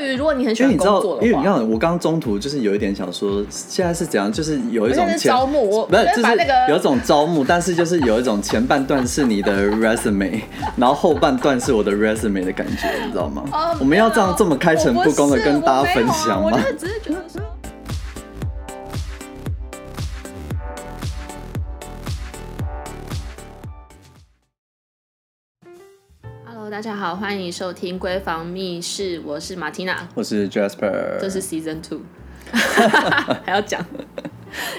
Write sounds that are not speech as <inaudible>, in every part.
因為如果你很喜歡工作的話，因為你知道，因為你看我剛剛中途就是有一點想說，現在是怎樣？就是有一種招募，不是，就是有一種招募，但是就是有一種前半段是你的 resume，然後後半段是我的 resume 的感覺，你知道嗎？我們要這樣這麼開誠布公的跟大家分享嗎？大家好，歡迎收聽《閨房密室》，我是馬緹娜，我是 Jasper，這是 Season Two， <laughs> 還要講講？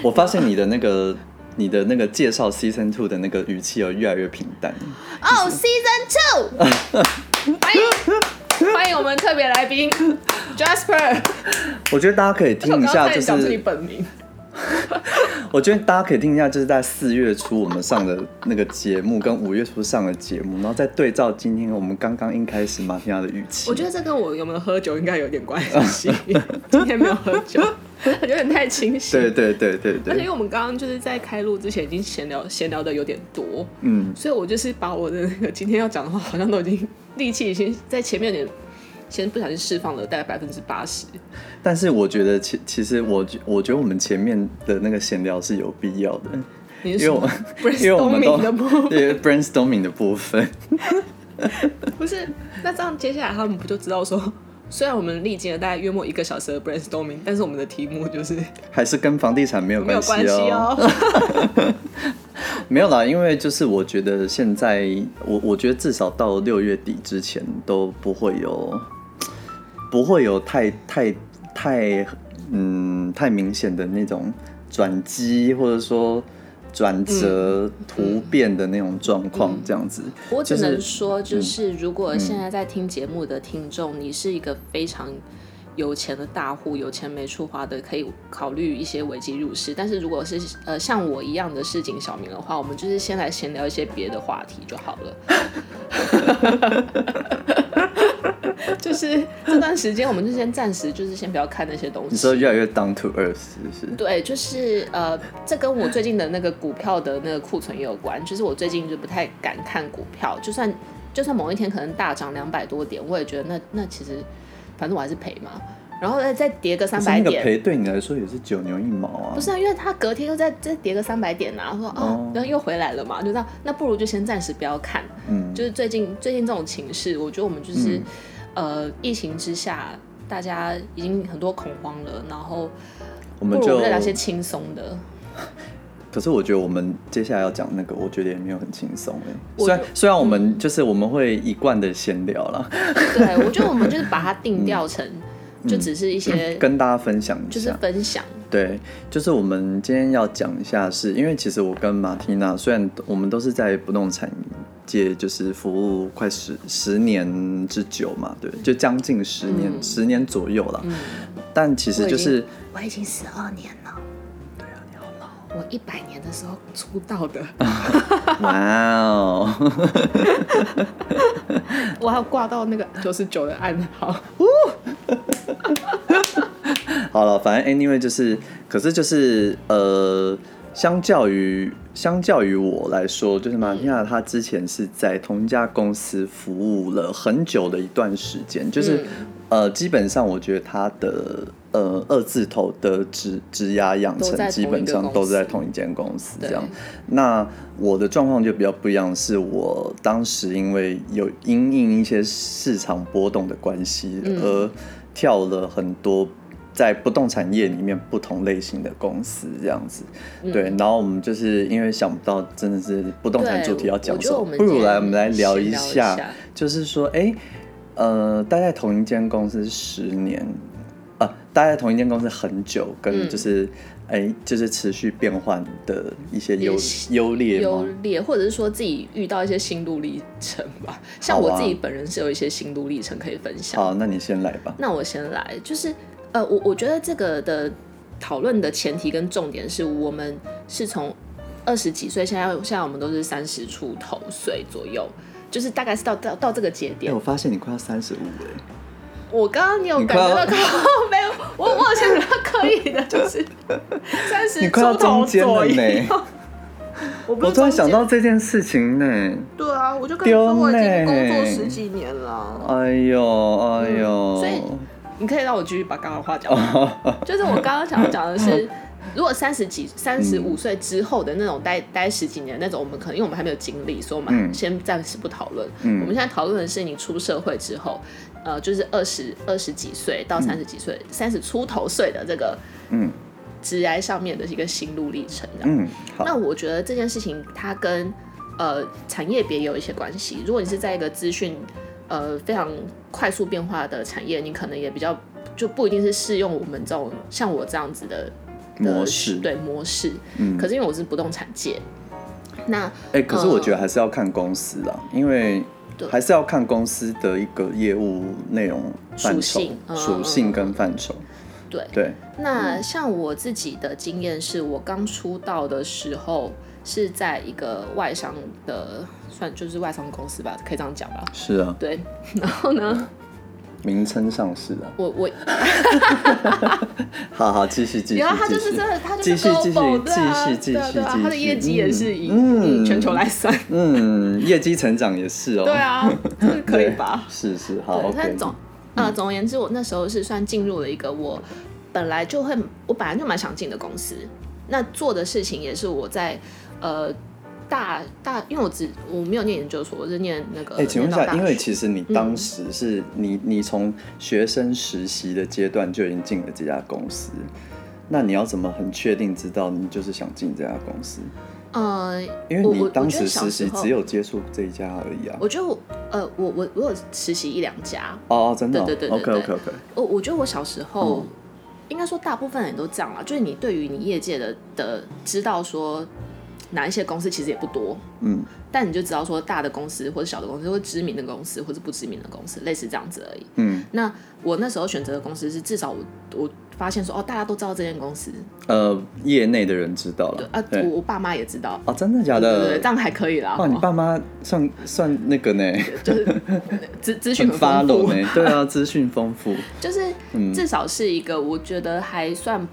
<laughs> 我發現你的那個、你的那個介紹 Season Two 的那個語氣，有越來越平淡。哦、oh,，Season Two， <laughs> <laughs> 歡，歡迎我們特別來賓 Jasper。Jas 我覺得大家可以聽一下，就是。 <laughs> 我覺得大家可以聽一下，就是在四月初我們上的那個節目，跟五月初上的節目，然後再對照今天我們剛剛一開始嘛，聽他的語氣，我覺得這跟我有沒有喝酒應該有點關係。 <laughs> 今天沒有喝酒，有點太清醒。對、對對對對對。而且因為我們剛剛就是在開錄之前已經閒聊，閒聊得有點多，嗯，所以我就是把我的那個今天要講的話，好像都已經力氣已經在前面有點。先不小心釋放了大概百分之八十，但是我覺得其其實我我覺得我們前面的那個閒聊是有必要的，你因為 i n 我的部對 <laughs> brainstorming 的部分， <laughs> 不是那這樣接下來他們不就知道說，雖然我們歷經了大概約莫一個小時 brainstorming，但是我們的題目就是還是跟房地產沒有係、哦、 <laughs> 沒有關係哦， <laughs> <laughs> <laughs> 沒有啦，因為就是我覺得現在我我覺得至少到六月底之前都不會有。不會有太太太嗯太明顯的那種，轉機或者說轉折、嗯、突變的那種狀況，嗯、這樣子。我只能說，就是、就是嗯、如果現在在聽節目的聽眾，嗯、你是一個非常有錢的大戶，有錢沒處花的，可以考慮一些危機入市。但是如果是呃像我一樣的市井小民的話，我們就是先來閒聊一些別的話題就好了。 <laughs> <laughs> <laughs> 就是這段時間，我們就先暫時，就是先不要看那些東西。你說越來越 down to earth 是不是？對，就是呃，這跟我最近的那個股票的那個庫存也有關。就是我最近就不太敢看股票，就算就算某一天可能大漲兩百多點，我也覺得那那其實反正我還是賠嘛。然後再再跌個三百點，那個賠對你來說也是九牛一毛啊。不是啊，因為它隔天又再再跌個三百點吶，說啊，然後、oh. 啊、又回來了嘛，就這樣，那不如就先暫時不要看。嗯，就是最近最近這種情勢，我覺得我們就是。嗯呃，疫情之下，大家已經很多恐慌了，然後我們就聊些輕鬆的。可是我覺得我們接下來要講那個，我覺得也沒有很輕鬆哎。就雖然雖然我們就是我們會一貫的閒聊啦、嗯，對，我覺得我們就是把它定調成，嗯、就只是一些、嗯嗯嗯、跟大家分享，就是分享。對，就是我們今天要講一下是，是因為其實我跟 Martina，雖然我們都是在不動產界，就是服務快十十年之久嘛，對，就將近十年，嗯、十年左右了。嗯、但其實就是，我已經十二年了。對啊，你好老。我一百年的時候出道的。哇哦。我要掛到那個九十九的暗號。嗚。 <laughs> 好了，反正 anyway 就是，可是就是，呃，相較於相較於我來說，就是馬天亞他之前是在同一家公司服務了很久的一段時間，嗯、就是，呃，基本上我覺得他的呃二字頭的職職涯養成基本上都是在同一間公司這樣。那我的狀況就比較不一樣，是我當時因為有因應一些市場波動的關係、嗯、而跳了很多。在不動產業裡面，不同類型的公司這樣子，嗯、對。然後我們就是因為想不到，真的是不動產主題對要講什麼，不如來我們來聊一下，一下就是說，哎、欸，呃，待在同一間公司十年，大、呃、待在同一間公司很久，跟就是哎、嗯欸，就是持續變換的一些優優劣優劣，或者是說自己遇到一些心路歷程吧。像我自己本人是有一些心路歷程可以分享。好啊、好，那你先來吧。那我先來，就是。呃，我我覺得這個的討論的前提跟重點是我們是從二十幾歲，現在現在我們都是三十出頭歲左右，就是大概是到到到這個節點。哎、欸，我發現你快要三十五了！我剛剛你有感覺到剛剛沒有？我我好像可以的，就是 <laughs> 三十出頭左右，你快到中間了呢。我，我突然想到這件事情呢。對啊，我就跟你說我已經工作十幾年了。哎呦哎呦。哎呦，嗯，所以你可以讓我繼續把剛剛話講完，oh, 就是我剛剛想要講的是， <laughs> 如果三十幾、三十五歲之後的那種待、嗯、待十幾年那種，我們可能因為我們還沒有經歷，所以我們先暫時不討論。嗯、我們現在討論的是你出社會之後，呃，就是二十二十幾歲到三十幾歲、三十出頭歲的這個，嗯，職業上面的一個心路歷程這樣。嗯，那我覺得這件事情它跟呃產業別有一些關係。如果你是在一個資訊。呃，非常快速變化的產業，你可能也比較就不一定是適用我們這種像我這樣子的，的模式，對模式。嗯。可是因為我是不動產界，嗯、那哎、欸，可是我覺得還是要看公司啦，嗯、因為還是要看公司的一個業務內容屬性、屬性、嗯、屬性跟範疇、嗯。對對。嗯、那像我自己的經驗是，我剛出道的時候。是在一個外商的，算就是外商公司吧，可以這樣講吧？是啊。對，然後呢？名稱上市了。我我。好好，繼續繼續。然後他就是真的，他就是說，繼續繼續繼續繼續，他的業績也是以全球來算。嗯，業績成長也是哦。對啊，可以吧？是是好。但總呃，總而言之，我那時候是算進入了一個我本來就會，我本來就蠻想進的公司，那做的事情也是我在。呃，大大，因為我只我沒有念研究所，我是念那個。哎、欸，請問一下，因為其實你當時是、嗯、你你從學生實習的階段就已經進了這家公司，那你要怎麼很確定知道你就是想進這家公司？呃，因為你當時實習只有接觸這一家而已啊。我就呃，我我我有實習一兩家。哦，哦，真的哦，對對對，OK OK OK。我。我我覺得我小時候，嗯、應該說大部分人都這樣吧，就是你對於你業界的的知道說。哪一些公司其實也不多，嗯，但你就知道說大的公司或者小的公司或知名的公司或者不知名的公司，類似這樣子而已，嗯。那我那時候選擇的公司是至少我我發現說哦，大家都知道這間公司，呃，業內的人知道了，啊，對我爸媽也知道，哦，真的假的？對、對、對，這樣還可以啦。哦，好你爸媽算算那個呢？就是資資訊很豐富很，對啊，資訊豐富， <laughs> 就是、嗯、至少是一個我覺得還算。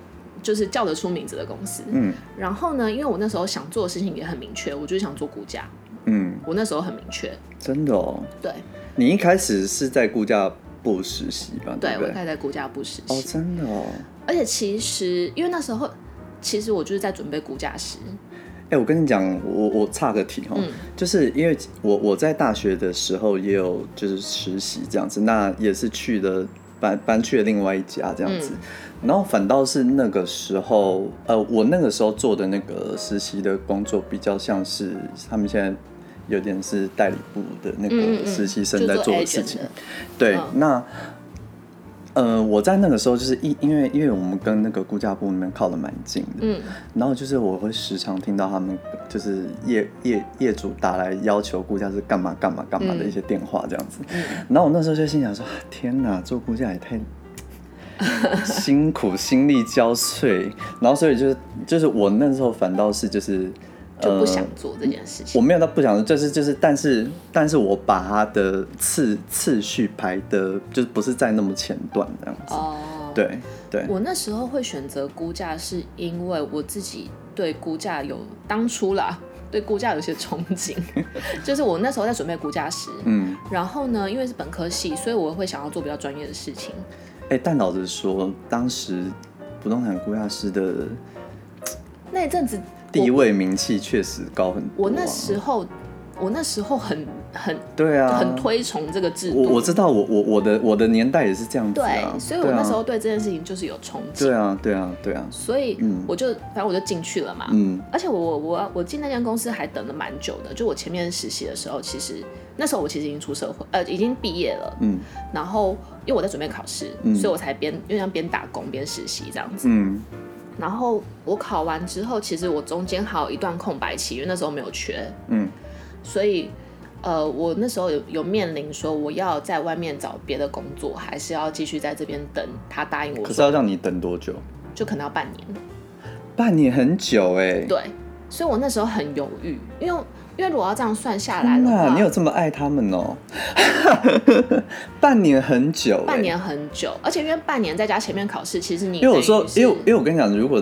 就是叫得出名字的公司。嗯，然後呢，因為我那時候想做的事情也很明確，我就是想做估價。嗯，我那時候很明確。真的哦。對，你一開始是在估價部實習吧？對，對，對，我開始在估價部實習。哦，真的哦。而且其實，因為那時候其實我就是在準備估價師。哎、欸，我跟你講，我我差個題哈、哦，嗯、就是因為我我在大學的時候也有就是實習這樣子，那也是去的。搬搬去了另外一家這樣子，嗯、然後反倒是那個時候，呃，我那個時候做的那個實習的工作，比較像是他們現在有點是代理部的那個實習生在做的事情，嗯、對，嗯、那。呃，我在那個時候就是一，因為因為我們跟那個估價部那邊靠得蠻近的，嗯，然後就是我會時常聽到他們就是業業業主打來要求估價是幹嘛幹嘛幹嘛的一些電話這樣子，嗯、然後我那時候就心想說，天吶，做估價也太 <laughs> 辛苦心力交瘁，然後所以就是就是我那時候反倒是就是。就不想做這件事情。呃、我沒有到不想做，就是就是，但是但是，嗯、但是我把他的次次序排的，就是不是在那麼前段這樣子。哦，對對。對我那時候會選擇估價，是因為我自己對估價有當初啦，對估價有些憧憬。 <laughs> 就是我那時候在準備估價師，嗯，然後呢，因為是本科系，所以我會想要做比較專業的事情。哎、欸，但老實說，當時不動產估價師的那一陣子。地位名氣確實高很多，啊我。我那時候，我那時候很很對啊，很推崇這個制度。我，我知道，我我我的我的年代也是這樣子、啊、對，所以，我那時候對這件事情就是有憧憬。對啊，對啊，對啊。對啊，所以，我就、嗯、反正我就進去了嘛。嗯。而且我我我我進那間公司還等了蠻久的。就我前面實習的時候，其實那時候我其實已經出社會，呃，已經畢業了。嗯。然後，因為我在準備考試，嗯、所以我才邊又像邊打工邊實習這樣子。嗯。然後我考完之後，其實我中間還有一段空白期，因為那時候沒有缺，嗯，所以，呃，我那時候有有面臨說，我要在外面找別的工作，還是要繼續在這邊等他答應我。可是要讓你等多久？就可能要半年，半年很久欸。對，所以我那時候很猶豫，因為。因為我要這樣算下來，那、啊、你有這麼愛他們哦、喔？ <laughs> 半年很久、欸，半年很久，而且因為半年再加前面考試，其實你是因為我說，因為因為我跟你講，如果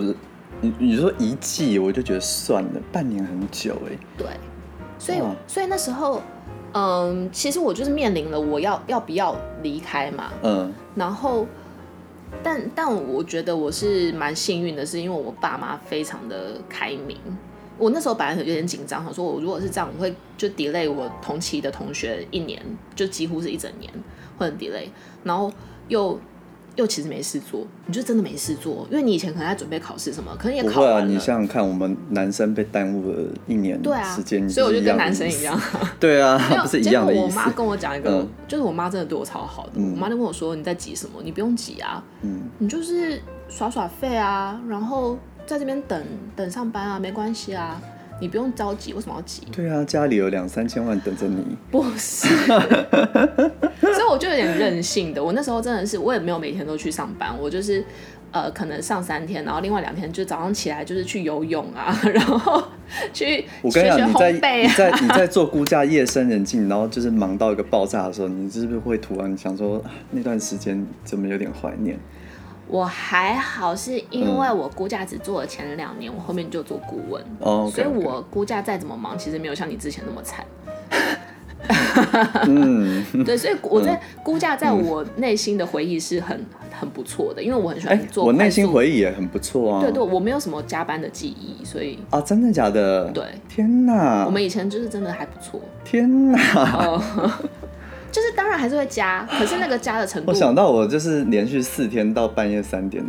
你你說一季，我就覺得算了，半年很久哎、欸。對，所以哇所以那時候，嗯，其實我就是面臨了，我要要不要離開嘛？嗯，然後，但但我覺得我是蠻幸運的，是因為我爸媽非常的開明。我那時候本來是有點緊張哈，說我如果是這樣，我會就 delay 我同期的同學一年，就幾乎是一整年，或者 delay，然後又又其實沒事做，你就真的沒事做，因為你以前可能在準備考試什麼，可能也考，對啊，你想想看，我們男生被耽誤了一年，對啊，時間，所以我就跟男生一樣、啊，對啊，有不是一樣的意思。結果我媽跟我講一個，嗯、就是我媽真的對我超好的，嗯、我媽就跟我說：“你在急什麼？你不用急啊，嗯、你就是耍耍廢啊，然後。”在這邊等等上班啊，沒關係啊，你不用着急。為什麼要急？對啊，家裡有兩三千萬等着你。不是， <laughs> 所以我就有點任性的。我那時候真的是，我也沒有每天都去上班，我就是呃，可能上三天，然後另外兩天就早上起來就是去游泳啊，然後去。我跟你講、啊，你在你在你在做估價，夜深人靜，然後就是忙到一個爆炸的時候，你是不是會突然想說，那段時間怎麼有點懷念？我還好，是因為我估價只做了前兩年，嗯、我後面就做顧問，哦、okay, okay 所以，我估價再怎麼忙，其實沒有像你之前那麼慘。 <laughs> 嗯， <laughs> 對，所以我在估價，在我內心的回憶是很很不錯的，因為我很喜歡做、欸。我內心回憶也很不錯啊。對對，我沒有什麼加班的記憶，所以啊、哦，真的假的？對，天吶哪，我們以前就是真的還不錯。天吶哪！Oh, <laughs> 就是當然還是會加，可是那個加的成果。我想到我就是連續四天到半夜三點，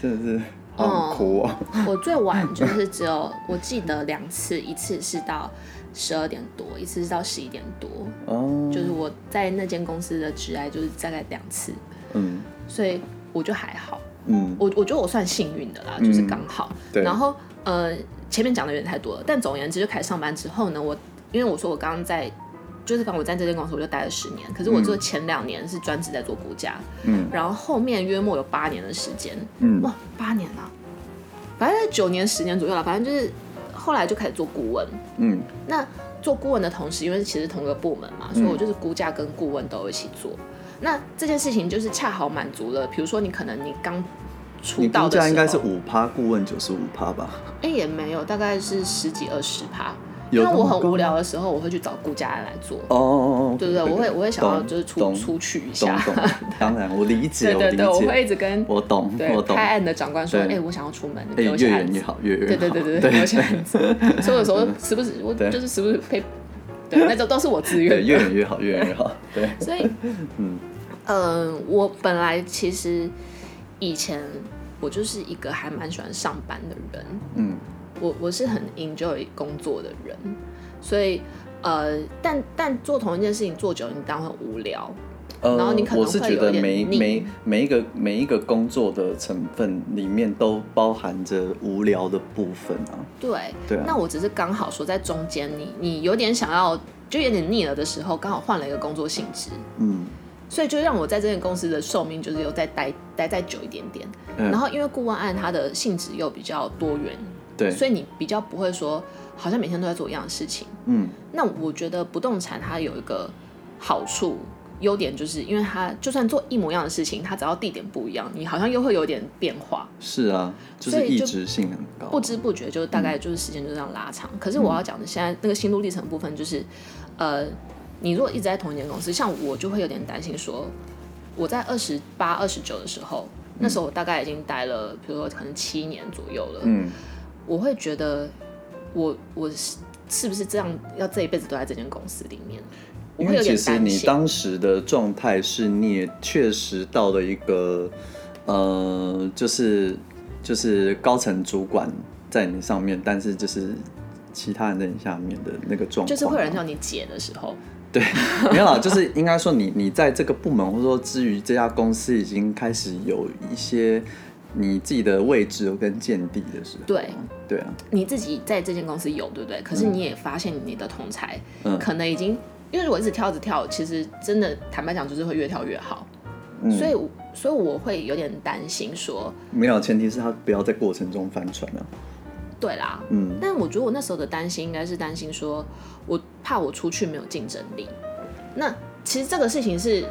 真、就、的是好、嗯、苦啊、哦。我最晚就是只有 <laughs> 我記得兩次，一次是到十二點多，一次是到十一點多。哦，就是我在那間公司的職涯就是大概兩次。嗯，所以我就還好。嗯，我我覺得我算幸運的啦，就是剛好、嗯。對。然後呃，前面講的有點太多了，但總而言之，就開始上班之後呢，我因為我說我剛剛在。就是反正我在這間公司，我就待了十年。可是我這前兩年是專職在做估價，嗯，然後後面約莫有八年的時間，嗯，哇，八年啊！反正，在九年、十年左右了。反正就是後來就開始做顧問，嗯，那做顧問的同時，因為其實同個部門嘛，所以我就是估價跟顧問都一起做。嗯、那這件事情就是恰好滿足了，比如說你可能你剛出道的時候，估價應該是五趴，顧問九十五趴吧？哎、欸，也沒有，大概是十幾、二十趴。因為我很無聊的時候，我會去找顧家人來做哦，對不對？我會，我會想要就是出出去一下。懂，當然我理解，我理解。我會一直跟我懂，對，辦案的長官說，哎，我想要出門，越遠越好，越遠，對對對對對，越遠。所以有時候時不時，我就是時不時陪。對，那都都是我自願，越遠越好，越遠越好。對，所以嗯嗯，我本來其實以前我就是一個還蠻喜歡上班的人，嗯。我我是很 enjoy 工作的人，所以呃，但但做同一件事情做久了，你當然很無聊，呃、然後你可能會是覺得每每每一個每一個工作的成分裡面都包含着無聊的部分啊。對對、啊、那我只是剛好說在中間，你你有點想要就有點膩了的時候，剛好換了一個工作性質，嗯，所以就讓我在這間公司的壽命就是有再待待再久一點點。嗯、然後因為顧問案它的性質又比較多元。對所以你比較不會說，好像每天都在做一樣的事情。嗯，那我覺得不動產它有一個好處、優點，就是因為它就算做一模一樣的事情，它只要地點不一樣，你好像又會有點變化。是啊，就是異質性很高。不知不覺就大概就是時間就這樣拉長。嗯、可是我要講的現在那個心路歷程部分，就是、嗯、呃，你如果一直在同一間公司，像我就會有點擔心說，我在二十八、二十九的時候，嗯、那時候我大概已經待了，比如說可能七年左右了。嗯。我會覺得我，我我是是不是這樣要這一輩子都在這間公司裡面？因為其實你當時的狀態是，你也確實到了一個，呃，就是就是高層主管在你上面，但是就是其他人在你下面的那個狀態啊，就是會有人叫你姐的時候，對，沒有啦， <laughs> 就是應該說你你在這個部門或者說之於這家公司已經開始有一些。你自己的位置跟見地的是，對對啊，你自己在這間公司有對不對？可是你也發現你的同儕可能已經，嗯、因為如果一直跳着跳，其實真的坦白講就是會越跳越好。嗯、所以所以我會有點擔心說，沒有前提是他不要在過程中翻船啊。對啦，嗯，但我覺得我那時候的擔心應該是擔心說我怕我出去沒有競爭力。那其實這個事情是，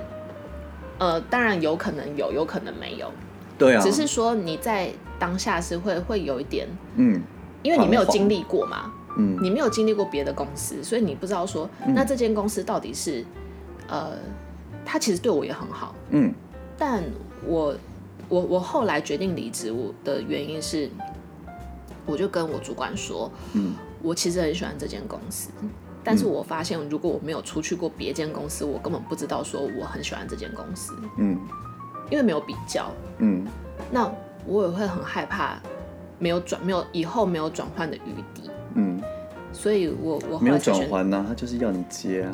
呃，當然有可能有，有可能沒有。對啊，只是說你在當下是會會有一點，嗯，因為你沒有經歷過嘛，嗯，你沒有經歷過別的公司，所以你不知道說那這間公司到底是，呃，他其實對我也很好，嗯，但我我我後來決定離職我的原因是，我就跟我主管說，嗯，我其實很喜歡這間公司，但是我發現如果我沒有出去過別間公司，我根本不知道說我很喜歡這間公司，嗯。因為沒有比較，嗯，那我也會很害怕沒有轉沒有以後沒有轉換的餘地，嗯，所以我我沒有轉換吶、啊、他就是要你接啊，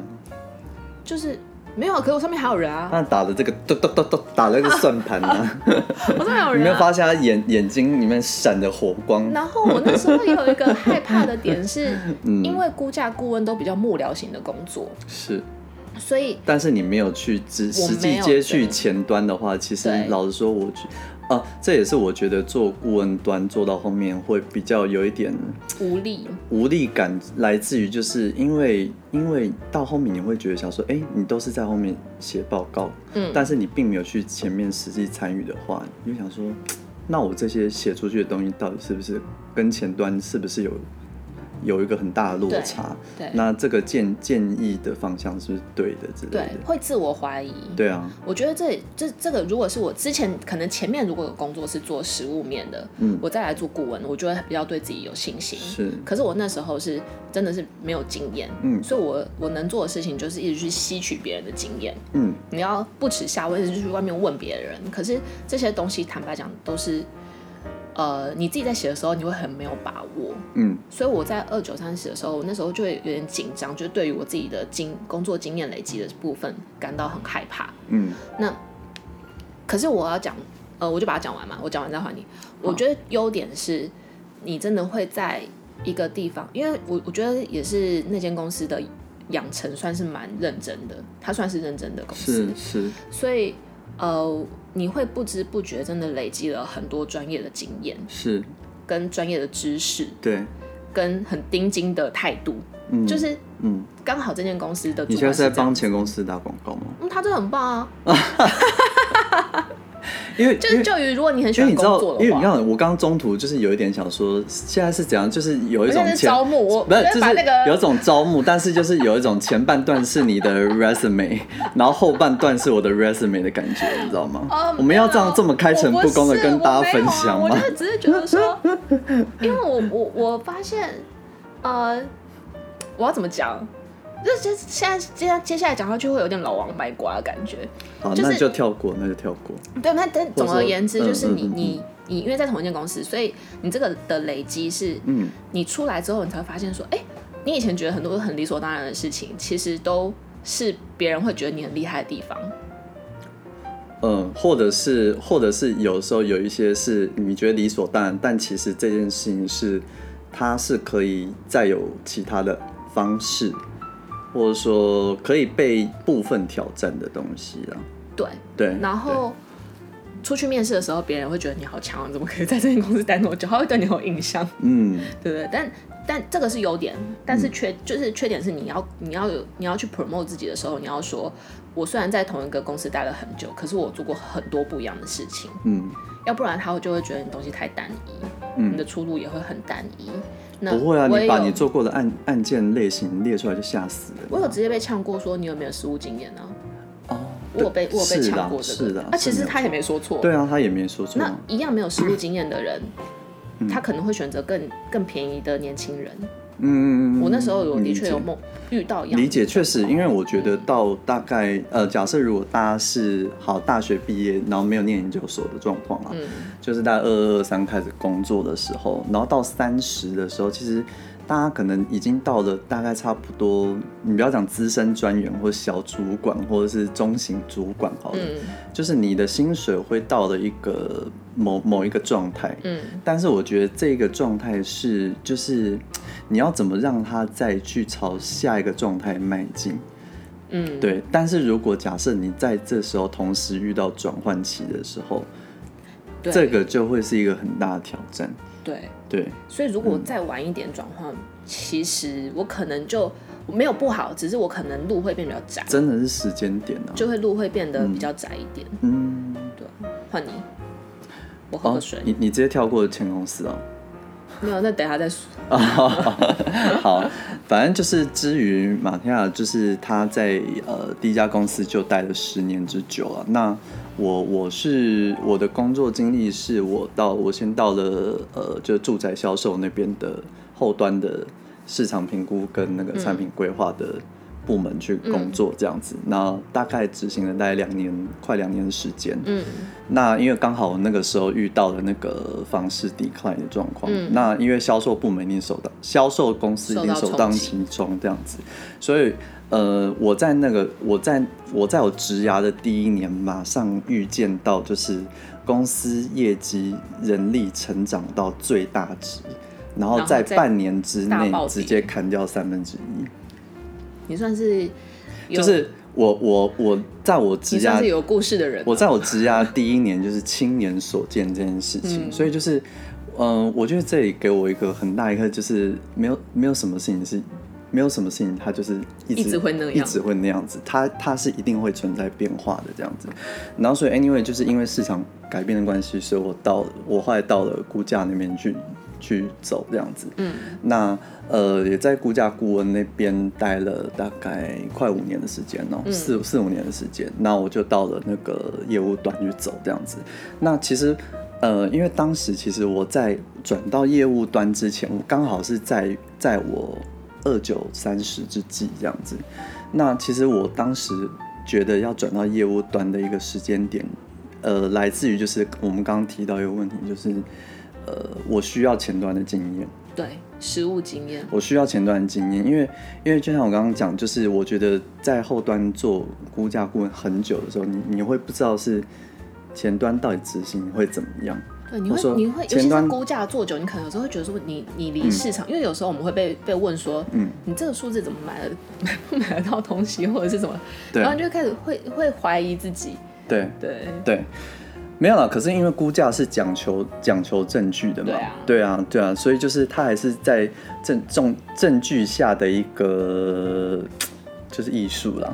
就是沒有，可是我上面還有人啊，他打了這個，打嘟嘟打打了一個算盤啊，啊啊我上面有人、啊， <laughs> 你沒有發現他眼眼睛裡面閃着火光？然後我那時候也有一個害怕的點是， <laughs> 嗯、因為估價顧問都比較幕僚型的工作，是。所以，但是你沒有去實實際接續前端的話，其實老實說，我覺啊、呃，這也是我覺得做顧問端做到後面會比較有一點無力無力感，來自於就是因為因為到後面你會覺得想說，哎，你都是在後面寫報告，嗯，但是你並沒有去前面實際參與的話，你就想說，那我這些寫出去的東西到底是不是跟前端是不是有？有一個很大的落差，對對，那這個建建議的方向是對的之類的？對，會自我懷疑。對啊，我覺得這這這個，如果是我之前可能前面如果有工作是做實務面的，嗯，我再來做顧問，我覺得比較對自己有信心。是，可是我那時候是真的是沒有經驗，嗯，所以我我能做的事情就是一直去吸取別人的經驗，嗯，你要不恥下問，就是去外面問別人。可是這些東西，坦白講，都是。呃，你自己在寫的時候，你會很沒有把握。嗯，所以我在二九三十寫的時候，我那時候就會有點緊張，就對於我自己的經工作經驗累積的部分感到很害怕。嗯，那可是我要講，呃，我就把它講完嘛，我講完再還你。我覺得優點是，哦，你真的會在一個地方，因為我我覺得也是那間公司的養成算是蠻認真的，它算是認真的公司的是。是。所以，呃。你會不知不覺真的累積了很多專業的經驗，是，跟專業的知識，對，跟很釘釘的態度，嗯，就是，嗯，剛好這間公司的主，你現在是在幫前公司打廣告嗎？嗯，他真的很棒啊。 <laughs> <laughs> 因為就就於如果你很喜歡做，因為你看我剛中途就是有一點想說，現在是怎樣？就是有一種招募，沒有，就是有一種招募，但是就是有一種前半段是你的 resume，然後後半段是我的 resume 的感覺，你知道嗎？我們要這樣這麼開誠布公的跟大家分享嗎？我就只是覺得說，因為我我我發現，呃，我要怎麼講？那這現在接下接下來講話就會有點老王賣瓜的感覺。好，就是、那就跳過，那就跳過。對，那但總而言之，就是你你、嗯、你，嗯、你因為在同一間公司，嗯、所以你這個的累積是，嗯，你出來之後，你才會發現說，哎、欸，你以前覺得很多很理所當然的事情，其實都是別人會覺得你很厲害的地方。嗯，或者是或者是有時候有一些是你覺得理所當然，但其實這件事情是，它是可以再有其他的方式。或者說可以被部分挑戰的東西啊，對對，對，然後，對，出去面試的時候，別人會覺得你好強啊，你怎麼可以在這間公司待那麼久？他會對你有印象，嗯，對不對？但但這個是優點，但是缺就是缺點是你要你要有你要去 promote 自己的時候，你要說，我雖然在同一個公司待了很久，可是我做過很多不一樣的事情，嗯，要不然他就會覺得你東西太單一，嗯，你的出路也會很單一。那不會啊，你把你做過的案案件類型列出來就嚇死了。我有直接被嗆過，說你有沒有實務經驗呢？啊？哦、oh,，對我被我被嗆過，這個是啊，是的、啊。那、啊、其實他也沒說錯，對啊，他也沒說錯。那一樣沒有實務經驗的人， <coughs> 他可能會選擇更更便宜的年輕人。嗯嗯，我那時候有的確有夢解遇到一樣。理解確實，因為我覺得到大概、嗯、呃，假設如果大家是好大學畢業，然後沒有念研究所的狀況啊，嗯、就是大概二二二三開始工作的時候，然後到三十的時候，其實。大家可能已經到了大概差不多，你不要講資深專員或小主管，或者是中型主管好了，好的，嗯，就是你的薪水會到了一個某某一個狀態。嗯，但是我覺得這個狀態是，就是你要怎麼讓他再去朝下一個狀態邁進。嗯，對。但是如果假設你在這時候同時遇到轉換期的時候，對這個就會是一個很大的挑戰。對對，對所以如果再晚一點轉換，嗯、其實我可能就沒有不好，只是我可能路會變比較窄。真的是時間點呢、啊，就會路會變得比較窄一點。嗯，嗯對。換你，我喝水。哦、你你直接跳過前公司哦，沒有，那等一下再說。 <laughs> <laughs> <laughs> 好，反正就是至於馬天亞，就是他在呃第一家公司就待了十年之久啊，那。我我是我的工作經歷是我到我先到了呃，就住宅銷售那邊的後端的市場評估跟那個產品規劃的部門去工作這樣子。那、嗯、大概執行了大概兩年，嗯、快兩年的時間。嗯。那因為剛好那個時候遇到了那個房市 decline 的狀況，嗯、那因為銷售部門已經首當銷售公司一定首當其衝這樣子，所以。呃，我在那個，我在我在我職涯的第一年，馬上預見到就是公司業績、人力成長到最大值，然後在半年之內直接砍掉三分之一。也算是，就是我我我在我職涯有故事的人，我在我職涯第一年就是親眼所見這件事情，嗯、所以就是，嗯、呃，我覺得這裡給我一個很大一個就是沒有沒有什麼事情是。沒有什麼事情，它就是一直，一直會那樣，一直會那樣子。它它是一定會存在變化的這樣子。然後所以 anyway 就是因為市場改變的關係，所以我到我後來到了估價那邊去去走這樣子。嗯。那呃也在估價顧問那邊待了大概快五年的時間哦，四四五年的時間。那我就到了那個業務端去走這樣子。那其實呃因為當時其實我在轉到業務端之前，我剛好是在在我。二九三十之際這樣子，那其實我當時覺得要轉到業務端的一個時間點，呃，來自於就是我們剛剛提到一個問題，就是呃，我需要前端的經驗，對，實務經驗，我需要前端的經驗，因為因為就像我剛剛講，就是我覺得在後端做估價顧問很久的時候，你你會不知道是前端到底執行會怎麼樣。對，你會說你會，尤其是估價做久，你可能有時候會覺得說你，你你離市場，嗯、因為有時候我們會被被問說，嗯，你這個數字怎麼買得買買得到東西或者是什麼，對，然後就開始會會懷疑自己，對對對，對，沒有啦。可是因為估價是講求講求證據的嘛，對啊對啊，對啊，所以就是它還是在證證證據下的一個就是藝術啦。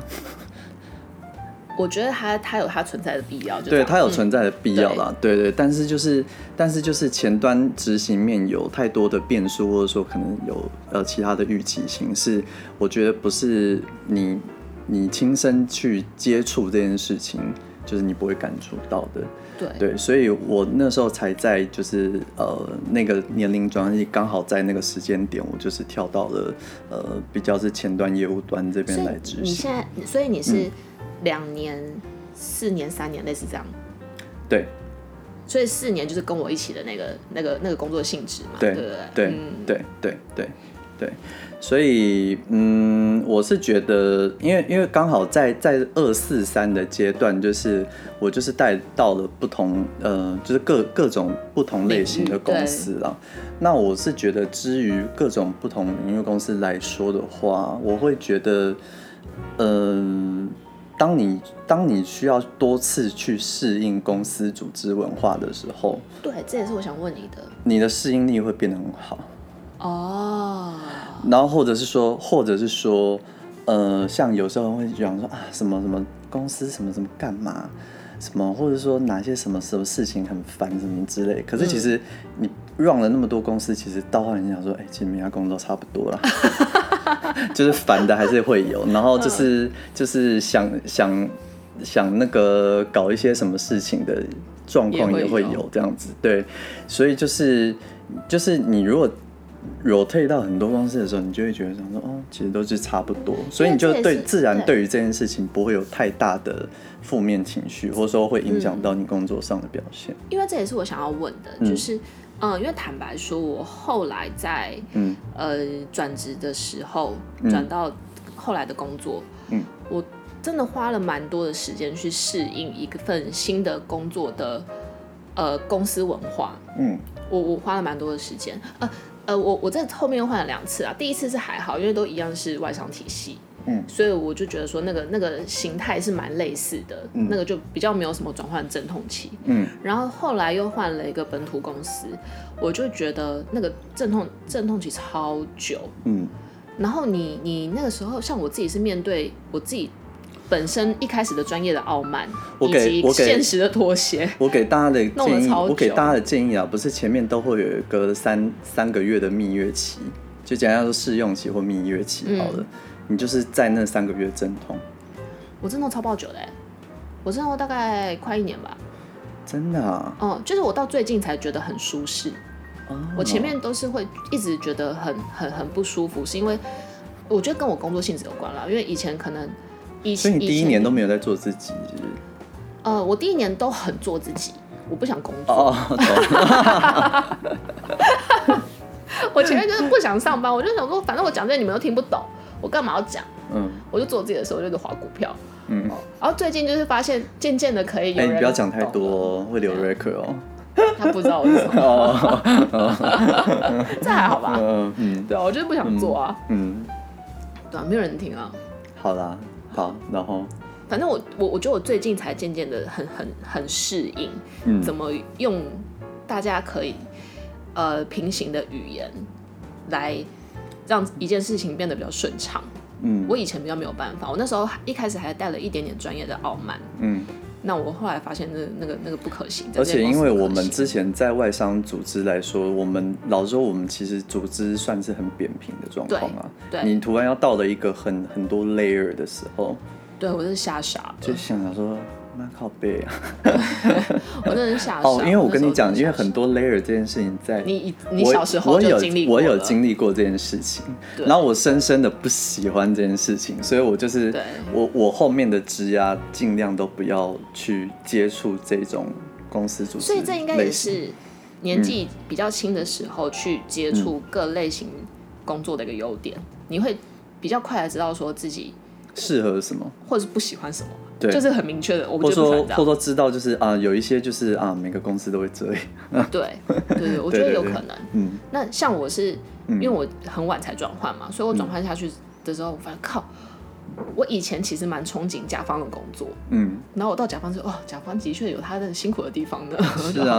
我覺得它它有它存在的必要，對，它有存在的必要啦，嗯、對，對，對對，但是就是但是就是前端執行面有太多的變數，或者說可能有呃其他的預期形式，我覺得不是你你親身去接觸這件事情，就是你不會感觸到的，對對，所以我那時候才在就是呃那個年齡轉換期剛好在那個時間點，我就是跳到了呃比較是前端業務端這邊來執行，你現在所以你是、嗯。兩年、四年、三年，類似這樣。對。所以四年就是跟我一起的那個、那個、那個工作性質嘛，對不對？對對對對、嗯、對對，對，對。所以，嗯，我是覺得，因為因為剛好在在二四三的階段，就是我就是帶到了不同呃，就是各各種不同類型的公司啊。嗯、那我是覺得，至於各種不同音樂公司來說的話，我會覺得，嗯、呃。當你當你需要多次去適應公司組織文化的時候，對，這也是我想問你的，你的適應力會變得很好哦。Oh. 然後或者是說，或者是說，呃，像有時候會講說啊，什麼什麼公司，什麼什麼幹嘛，什麼，或者說哪些什麼什麼事情很煩，什麼之類。可是其實你轉了那麼多公司，其實到後來你想說，哎，其實每家工作差不多了。 <laughs> <laughs> 就是煩的還是會有，然後就是就是想想想，那個搞一些什麼事情的狀況也會有這樣子，對，所以就是就是你如果 rotate 到很多公司的時候，你就會覺得想說哦，其實都是差不多，所以你就對自然對於這件事情不會有太大的負面情緒，對或者說會影響到你工作上的表現，嗯。因為這也是我想要問的，就是。嗯嗯，因為坦白說，我後來在、嗯、呃轉職的時候，轉到後來的工作，嗯，我真的花了蠻多的時間去適應一份新的工作的呃公司文化，嗯，我我花了蠻多的時間，呃呃，我我在後面又換了兩次啊，第一次是還好，因為都一樣是外商體系。嗯，所以我就覺得說、那個，那個那個形態是蠻類似的，嗯、那個就比較沒有什麼轉換陣痛期。嗯，然後後來又換了一個本土公司，我就覺得那個陣痛陣痛期超久。嗯，然後你你那個時候，像我自己是面對我自己本身一開始的專業的傲慢，我給我給以及現實的妥協。我給大家的建議，我給大家的建議啊，不是前面都會有隔三三個月的蜜月期，就簡單說試用期或蜜月期，好了。嗯你就是在那三個月陣痛，我陣痛超爆久嘞、欸，我陣痛大概快一年吧，真的、啊？哦、嗯，就是我到最近才覺得很舒適。哦、我前面都是會一直覺得很很很不舒服，是因為我覺得跟我工作性質有關啦，因為以前可能一、所以你第一年都沒有在做自己是不是？呃、嗯，我第一年都很做自己，我不想工作，哦、 <laughs> <laughs> 我前面就是不想上班，我就想說，反正我講這些你們都聽不懂。我幹嘛要講？嗯，我就做自己的時候，我就是滑股票，嗯，然後最近就是發現，漸漸的可以哎，你不要講太多、哦，會留 record 哦。他不知道我是誰、 <laughs> 哦哦、 <laughs> 這還好吧？嗯嗯，對啊，我就是不想做啊。嗯，嗯對、啊、沒有人聽啊。好啦，好，然後。反正我我我覺得我最近才漸漸的很很很適應，嗯、怎麼用大家可以、呃、平行的語言來。讓一件事情變得比較順暢。嗯，我以前比較沒有辦法，我那時候一開始還帶了一點點專業的傲慢。嗯，那我後來發現、那個，那個那個不可行，可行而且，因為我們之前在外商組織來說，我們老說我們其實組織算是很扁平的狀況嘛。對，你突然要到了一個很很多 layer 的時候，對，我是嚇傻了，就想想說。蠻靠背啊、 <laughs> 哦！我真想。哦，因為我跟你講，因為很多 layer 這件事情在你你小時候就經歷過我，我有我有經歷過這件事情，對然後我深深的不喜歡這件事情，所以我就是對我我後面的職涯、啊、盡量都不要去接觸這種公司組織。所以這應該也是年紀比較輕的時候去接觸各類型工作的一個優點，嗯、你會比較快的知道說自己適合什麼，或者是不喜歡什麼。就是很明確的，我們就說，或者說知道，就是啊、呃，有一些就是啊、呃，每個公司都會追。啊、對對，我覺得有可能。對對對嗯，那像我是、嗯、因為我很晚才轉換嘛，所以我轉換下去的時候，嗯、我發現靠。我以前其實蠻憧憬甲方的工作，嗯，然後我到甲方之後，哦，甲方的確有他的辛苦的地方的，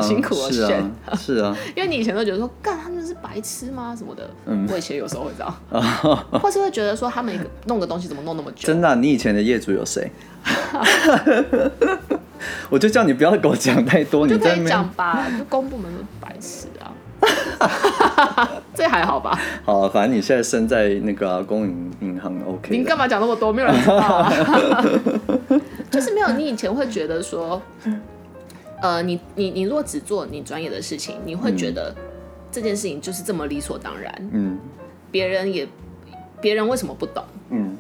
辛苦的是是啊，因為你以前都覺得說，幹他們是白痴嗎？什麼的，嗯，我以前有時候會這樣，哦哦哦、或是會覺得說，他們弄的東西怎麼弄那麼久？真的、啊，你以前的業主有誰？ <laughs> <laughs> 我就叫你不要給我講太多，你就可以講吧，就公部門，都白痴啊。 <laughs> <laughs> 還好吧。好、啊，反正你現在身在那個公營銀行，OK。你幹嘛講那麼多？沒有人、啊， <laughs> 就是沒有。你以前會覺得說，呃，你你你，你如果只做你專業的事情，你會覺得這件事情就是這麼理所當然。嗯。別人也，別人為什麼不懂？嗯。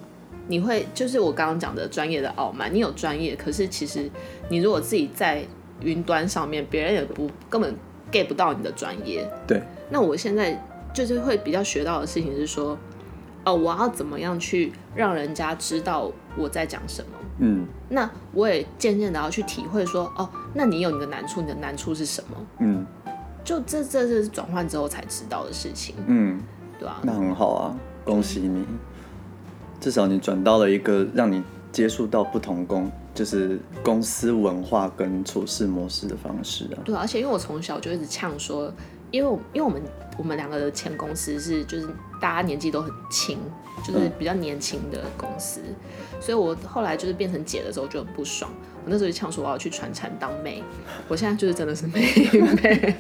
你會就是我剛剛講的專業的傲慢。你有專業，可是其實你如果自己在雲端上面，別人也不根本 get 不到你的專業。對。那我現在。就是會比較學到的事情是說，哦，我要怎麼樣去讓人家知道我在講什麼？嗯，那我也漸漸的要去體會說，哦，那你有你的難處，你的難處是什麼？嗯，就這，這是轉換之後才知道的事情。嗯，對啊吧，那很好啊，恭喜你，嗯、至少你轉到了一個讓你接觸到不同公，就是公司文化跟處事模式的方式啊。對啊，而且因為我從小就一直嗆說。因為，因為我們我們兩個的前公司是就是大家年紀都很輕，就是比較年輕的公司，嗯、所以我後來就是變成姐的時候就很不爽。我那時候就嗆說我要去傳產當妹。我現在就是真的是妹妹，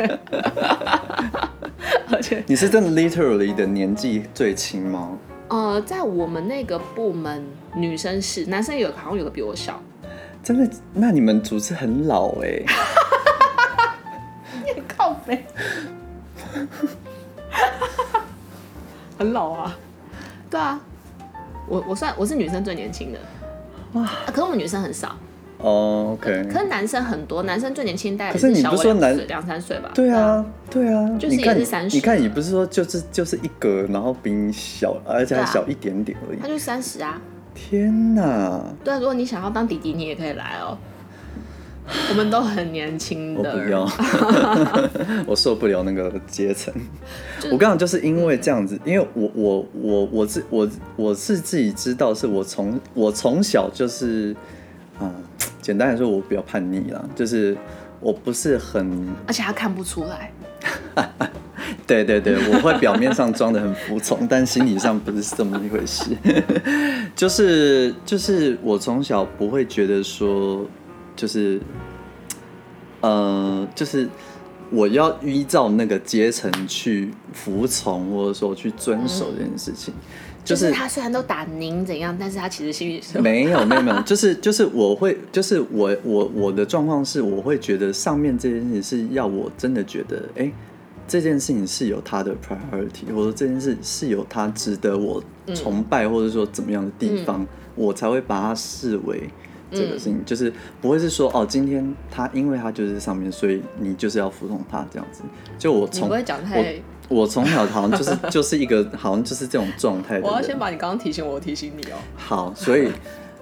<laughs> <laughs> 而且你是真的 literally 的年紀最輕嗎？呃，在我們那個部門，女生是男生有好像有個比我小，真的？那你們組是很老哎，欸， <laughs> 你靠北。 <laughs> 很老啊，對啊，我我算我是女生最年輕的，哇！啊、可是我們女生很少、oh,，OK。可是男生很多，男生最年輕帶的是小兩,兩三歲吧？對啊，對啊，對啊，就是也是三十。你看，了你，看你不是說就是就是一個，然後比你小，而且還小一點點而已。啊、他就三十啊！天哪！對啊，如果你想要當弟弟，你也可以來哦。我們都很年輕的，我不要 <laughs> 我受不了那個階層。就是、我剛剛就是因為這樣子，因為我我我我是我我是自己知道，是我從我從小就是、嗯，簡單來說，我比較叛逆啦，就是我不是很，而且他看不出來， <laughs> 對對對，我會表面上裝得很服從， <laughs> 但心理上不是這麼一回事， <laughs> 就是就是我從小不會覺得說。就是，呃，就是我要依照那個階層去服從，或者說去遵守這件事情。嗯、就是他雖然都打您怎樣，但是他其實心裡是沒有沒有沒有。就是就是我會就是我我我的狀況是，我會覺得上面這件事情是要我真的覺得，哎，這件事情是有他的 priority，或者這件事情是有他值得我崇拜或者說怎麼樣的地方，嗯嗯、我才會把它視為。這個事情就是不會是說哦，今天他因為他就是上面，所以你就是要服從他這樣子。就我從我我從小好像就是就是一個 <laughs> 好像就是這種狀態。我要先把你剛剛提醒我提醒你哦。好，所以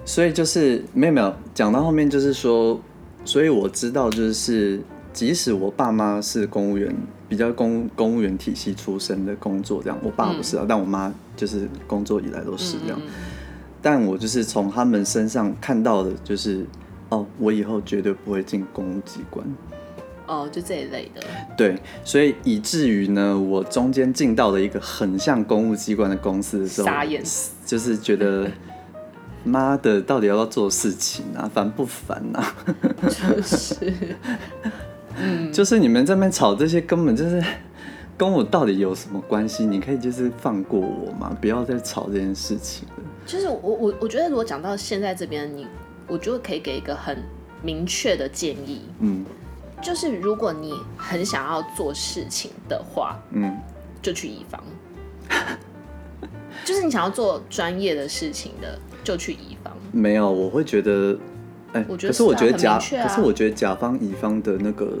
所以就是沒有沒有講到後面就是說，所以我知道就是即使我爸媽是公務員，比較公公務員體系出身的工作這樣，我爸不是啊，嗯、但我媽就是工作以來都是這樣。嗯嗯嗯但我就是從他們身上看到的，就是，哦，我以後絕對不會進公務機關，哦，就這一類的。對，所以以至於呢，我中間進到了一個很像公務機關的公司的時候，傻眼。就是覺得，媽 <laughs> 的，到底要不要做事情啊？煩不煩啊？ <laughs> 就是，嗯、就是你們這邊吵這些，根本就是跟我到底有什麼關係？你可以就是放過我嘛，不要再吵這件事情了。就是我我我覺得，如果講到現在這邊，你，我就可以給一個很明確的建議，嗯，就是如果你很想要做事情的話，嗯，就去乙方， <laughs> 就是你想要做專業的事情的，就去乙方。沒有，我會覺得，哎，我覺得、可是我覺得甲，啊、可是我覺得甲方乙方的那個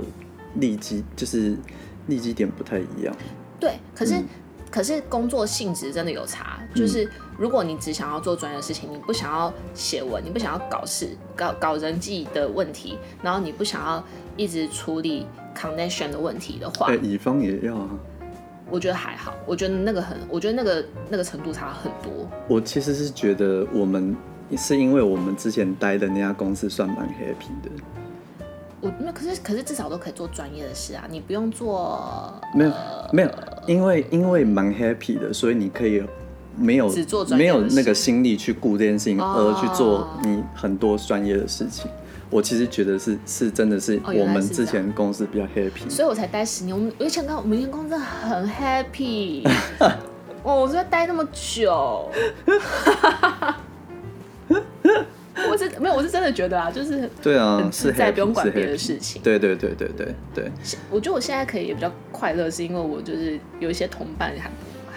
利基就是利基點不太一樣。對，可是、嗯、可是工作性質真的有差。就是如果你只想要做專業的事情，你不想要寫文，你不想要搞事，搞搞人際的問題，然後你不想要一直處理 connection 的問題的話，對乙方也要啊？我覺得還好，我覺得那個很，我覺得那個那個程度差很多。我其實是覺得我們是因為我們之前待的那家公司算蠻 happy 的。我那可是可是至少都可以做專業的事啊，你不用做沒有沒有，因為因為蠻 happy 的，所以你可以。沒有沒有那個心力去顧這件事情，哦、而去做你很多專業的事情。我其實覺得是是真的是我們之前公司比較 happy，、哦、所以我才待十年。我，剛剛我們以前工，我們以前公司很 happy，我我待那麼久。 <laughs> 我是沒有，我是真的覺得啊，就是對啊，在是在 happy, 不用管別的事情。對，對對對對對對。我覺得我現在可以也比較快樂，是因為我就是有一些同伴。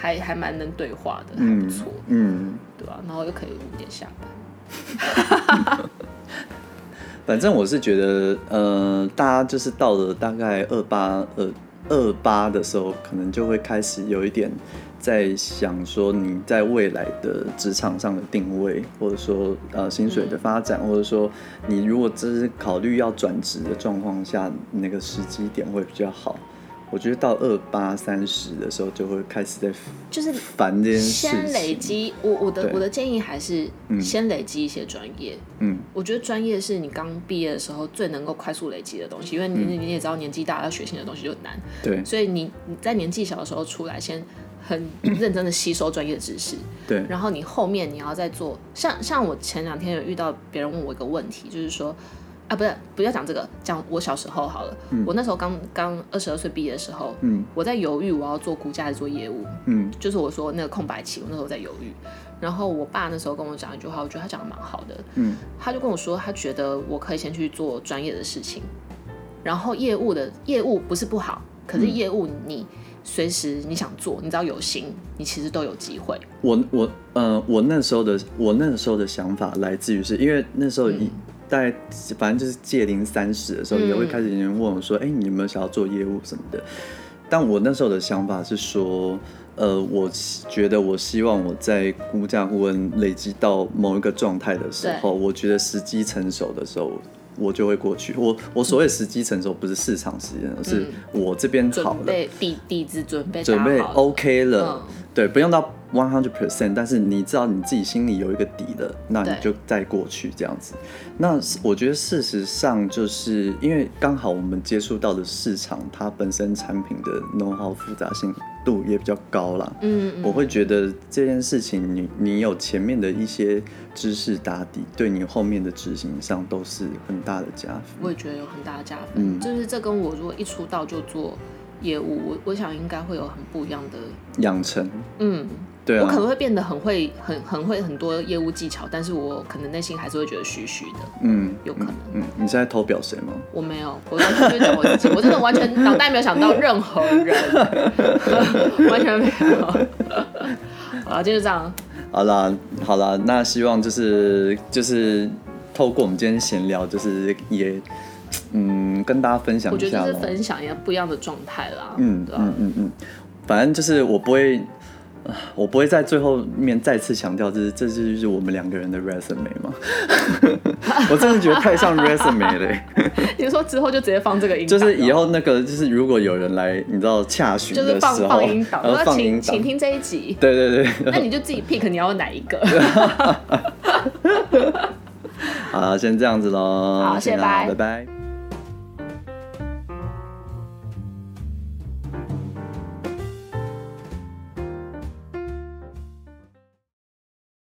還還蠻能對話的，嗯、還不錯，嗯，對吧、啊？然後又可以五點下班。 <laughs> 反正我是覺得，呃，大家就是到了大概二八二二八的時候，可能就會開始有一點在想說，你在未來的職場上的定位，或者說呃薪水的發展，嗯、或者說你如果只是考慮要轉職的狀況下，那個時機點會比較好？我覺得到二八三十的時候就會開始在，就是煩這件事，先累積，我我的對我的建議還是先累積一些專業。嗯，我覺得專業是你剛畢業的時候最能夠快速累積的東西，因為你、嗯、你也知道年紀大要學新的東西就難。對，所以你你在年紀小的時候出來，先很認真的吸收專業知識。嗯、對，然後你後面你要再做，像像我前兩天有遇到別人問我一個問題，就是說。啊，不是，不要講這個，講我小時候好了。嗯、我那時候剛剛二十二歲畢業的時候，嗯、我在猶豫我要做估價還是做業務。嗯，就是我說那個空白期，我那時候在猶豫。然後我爸那時候跟我講一句話，我覺得他講得蠻好的。嗯，他就跟我說，他覺得我可以先去做專業的事情，然後業務的業務不是不好，可是業務你隨時你想做，你只要有心，你其實都有機會。我我呃，我那時候的我那時候的想法來自於是因為那時候在反正就是屆齡三十的時候，也會開始有人問我說：“哎、嗯欸，你有沒有想要做業務什麼的？”但我那時候的想法是說：“呃，我覺得我希望我在估價顧問累積到某一個狀態的時候，對我覺得時機成熟的時候，我就會過去。我我所謂時機成熟，不是市場時間，嗯、而是我這邊好了底底子準備準備，準備 OK 了，嗯、對，不用到。” One hundred percent，但是你知道你自己心裡有一個底的，那你就再過去這樣子。對那我覺得事實上，就是因為剛好我們接觸到的市場，它本身產品的 know how 複雜性度也比較高啦。嗯嗯，我會覺得這件事情你，你你有前面的一些知識打底，對你後面的執行上都是很大的加分。我也覺得有很大的加分。嗯，就是這跟我如果一出道就做。業務，我我想應該會有很不一樣的養成，嗯，對啊，我可能會變得很會，很很會很多業務技巧，但是我可能內心還是會覺得虛虛的，嗯，有可能嗯嗯，嗯，你在偷表誰嗎？我沒有，我我我真的完全， <laughs> 的完全腦袋沒有想到任何人， <laughs> 完全沒有，好， <laughs> 今天就是這樣，好啦，好啦，那希望就是就是透過我們今天閒聊，就是也。嗯，跟大家分享一下，我覺得是分享一下不一樣的狀態啦。嗯吧嗯嗯嗯，反正就是我不會，我不會在最後面再次強調、就是，這這就是我們兩個人的 resume 嘛。 <laughs> 我真的覺得太像 resume 了。 <laughs> 你說之後就直接放這個音，就是以後那個，就是如果有人來，你知道洽詢的時候，然後、呃、請請聽這一集，對對對， <laughs> 那你就自己 pick 你要哪一個。 <laughs> <laughs> 好先這樣子嘍。好，先拜謝謝 拜拜。拜拜。